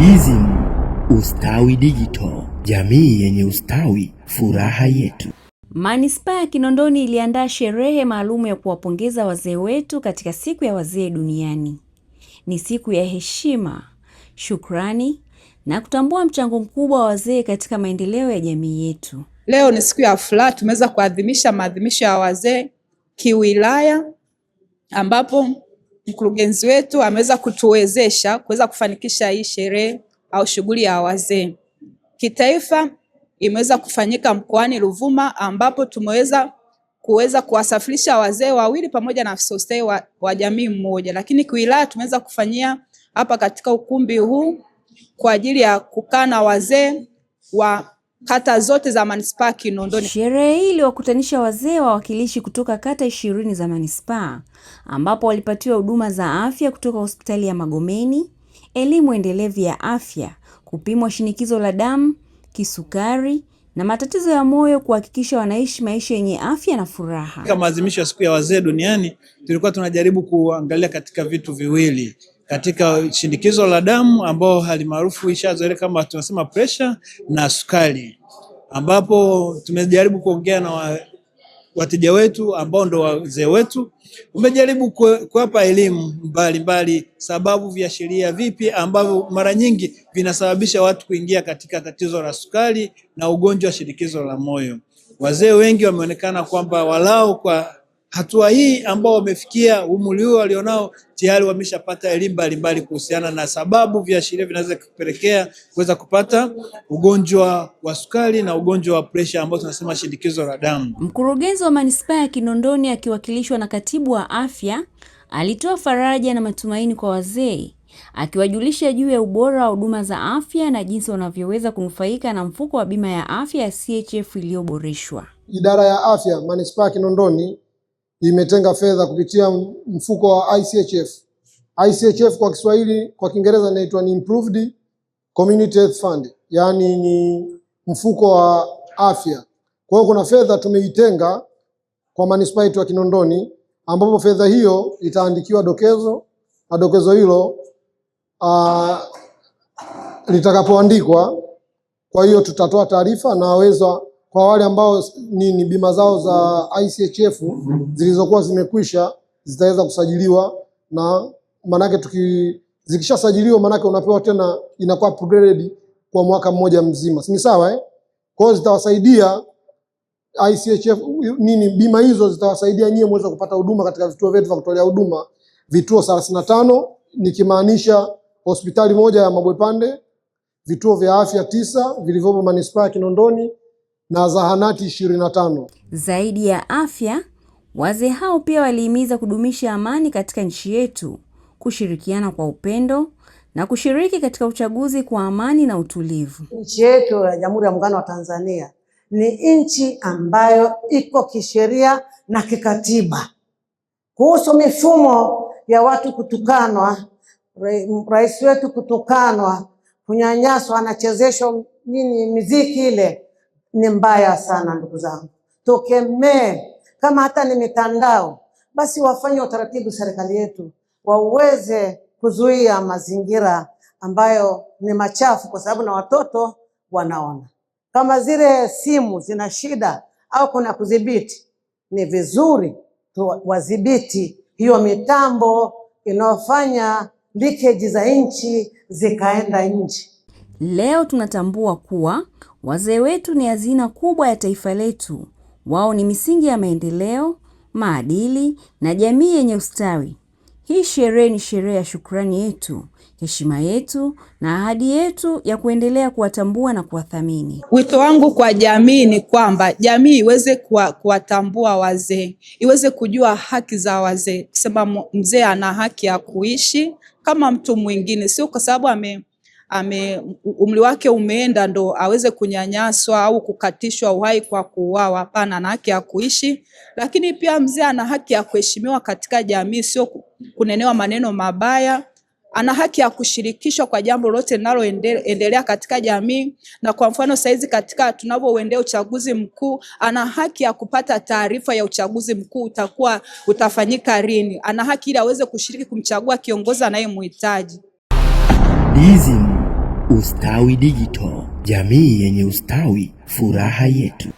Dizim, ustawi digital, jamii yenye ustawi, furaha yetu. Manispaa ya Kinondoni iliandaa sherehe maalumu ya kuwapongeza wazee wetu katika siku ya wazee duniani. Ni siku ya heshima, shukrani na kutambua mchango mkubwa wa wazee katika maendeleo ya jamii yetu. Leo ni siku ya furaha, tumeweza kuadhimisha maadhimisho ya wazee kiwilaya ambapo mkurugenzi wetu ameweza kutuwezesha kuweza kufanikisha hii sherehe au shughuli ya wazee kitaifa imeweza kufanyika mkoani Ruvuma ambapo tumeweza kuweza kuwasafirisha wazee wawili pamoja na afisa ustawi wa, wa jamii mmoja, lakini kiwilaya tumeweza kufanyia hapa katika ukumbi huu kwa ajili ya kukaa na wazee wa kata zote za manispaa Kinondoni. Sherehe hii iliwakutanisha wazee wa wakilishi kutoka kata ishirini za manispaa ambapo walipatiwa huduma za afya kutoka hospitali ya Magomeni, elimu endelevu ya afya, kupimwa shinikizo la damu, kisukari na matatizo ya moyo kuhakikisha wanaishi maisha yenye afya na furaha. Katika maadhimisho ya siku ya wazee duniani tulikuwa tunajaribu kuangalia katika vitu viwili katika shinikizo la damu ambao maarufu ishazoele kama tunasema pressure na sukari, ambapo tumejaribu kuongea na wa, wateja wetu ambao ndo wazee wetu, umejaribu kuwapa elimu mbalimbali, sababu sheria vipi ambavyo mara nyingi vinasababisha watu kuingia katika tatizo la sukari na ugonjwa wa shinikizo la moyo. Wazee wengi wameonekana kwamba walao kwa hatua hii ambao wamefikia umri huo walionao tayari wameshapata elimu mbalimbali kuhusiana na sababu viashiria vinaweza kupelekea kuweza kupata ugonjwa wa sukari na ugonjwa wa presha ambao tunasema shinikizo la damu. Mkurugenzi wa manispaa ya Kinondoni akiwakilishwa na katibu wa afya alitoa faraja na matumaini kwa wazee akiwajulisha juu ya ubora wa huduma za afya na jinsi wanavyoweza kunufaika na mfuko wa bima ya afya ya CHF iliyoboreshwa. Idara ya afya manispaa ya Kinondoni imetenga fedha kupitia mfuko wa ICHF. ICHF kwa Kiswahili, kwa Kiingereza inaitwa ni Improved Community Health Fund, yaani ni mfuko wa afya. Kwa hiyo kuna fedha tumeitenga kwa manispaa yetu ya Kinondoni, ambapo fedha hiyo itaandikiwa dokezo na dokezo hilo ah, litakapoandikwa, kwa hiyo tutatoa taarifa na waweza kwa wale ambao ni, ni bima zao za ICHF mhm. zilizokuwa zimekwisha zitaweza kusajiliwa na manake tuki zikishasajiliwa manake unapewa tena inakuwa upgrade kwa mwaka mmoja mzima, si sawa eh? Kwa hiyo zitawasaidia ICHF nini bima hizo zitawasaidia nyie muweze kupata huduma katika vituo vyetu vya kutolea huduma, vituo 35 nikimaanisha hospitali moja ya Mabwepande, vituo vya afya tisa vilivyopo manispaa ya Kinondoni na zahanati 25. Zaidi ya afya, wazee hao pia walihimiza kudumisha amani katika nchi yetu, kushirikiana kwa upendo na kushiriki katika uchaguzi kwa amani na utulivu. Nchi yetu ya Jamhuri ya Muungano wa Tanzania ni nchi ambayo iko kisheria na kikatiba. Kuhusu mifumo ya watu kutukanwa, rais wetu kutukanwa, kunyanyaswa, anachezeshwa nini miziki ile ni mbaya sana ndugu zangu, tukemee. Kama hata ni mitandao, basi wafanye utaratibu serikali yetu waweze kuzuia mazingira ambayo ni machafu, kwa sababu na watoto wanaona kama zile simu zina shida au kuna kudhibiti. Ni vizuri tu wadhibiti hiyo mitambo inayofanya leakage za nchi zikaenda nje. Leo tunatambua kuwa wazee wetu ni hazina kubwa ya taifa letu. Wao ni misingi ya maendeleo, maadili na jamii yenye ustawi. Hii sherehe ni sherehe ya shukrani yetu, heshima yetu na ahadi yetu ya kuendelea kuwatambua na kuwathamini. Wito wangu kwa jamii ni kwamba jamii iweze kuwatambua wazee, iweze kujua haki za wazee, kusema mzee ana haki ya kuishi kama mtu mwingine, sio kwa sababu ame ame umri wake umeenda ndo aweze kunyanyaswa au kukatishwa uhai kwa kuuawa. Hapana, ana haki ya kuishi, lakini pia mzee ana haki ya kuheshimiwa katika jamii, sio kunenewa maneno mabaya. Ana haki ya kushirikishwa kwa jambo lote linaloendelea katika jamii, na kwa mfano saizi katika tunavyoendea uchaguzi mkuu, ana haki ya kupata taarifa ya uchaguzi mkuu utakuwa utafanyika lini. Ana haki ili aweze kushiriki kumchagua kiongozi anayemhitaji. Ustawi Digital, jamii yenye ustawi, furaha yetu.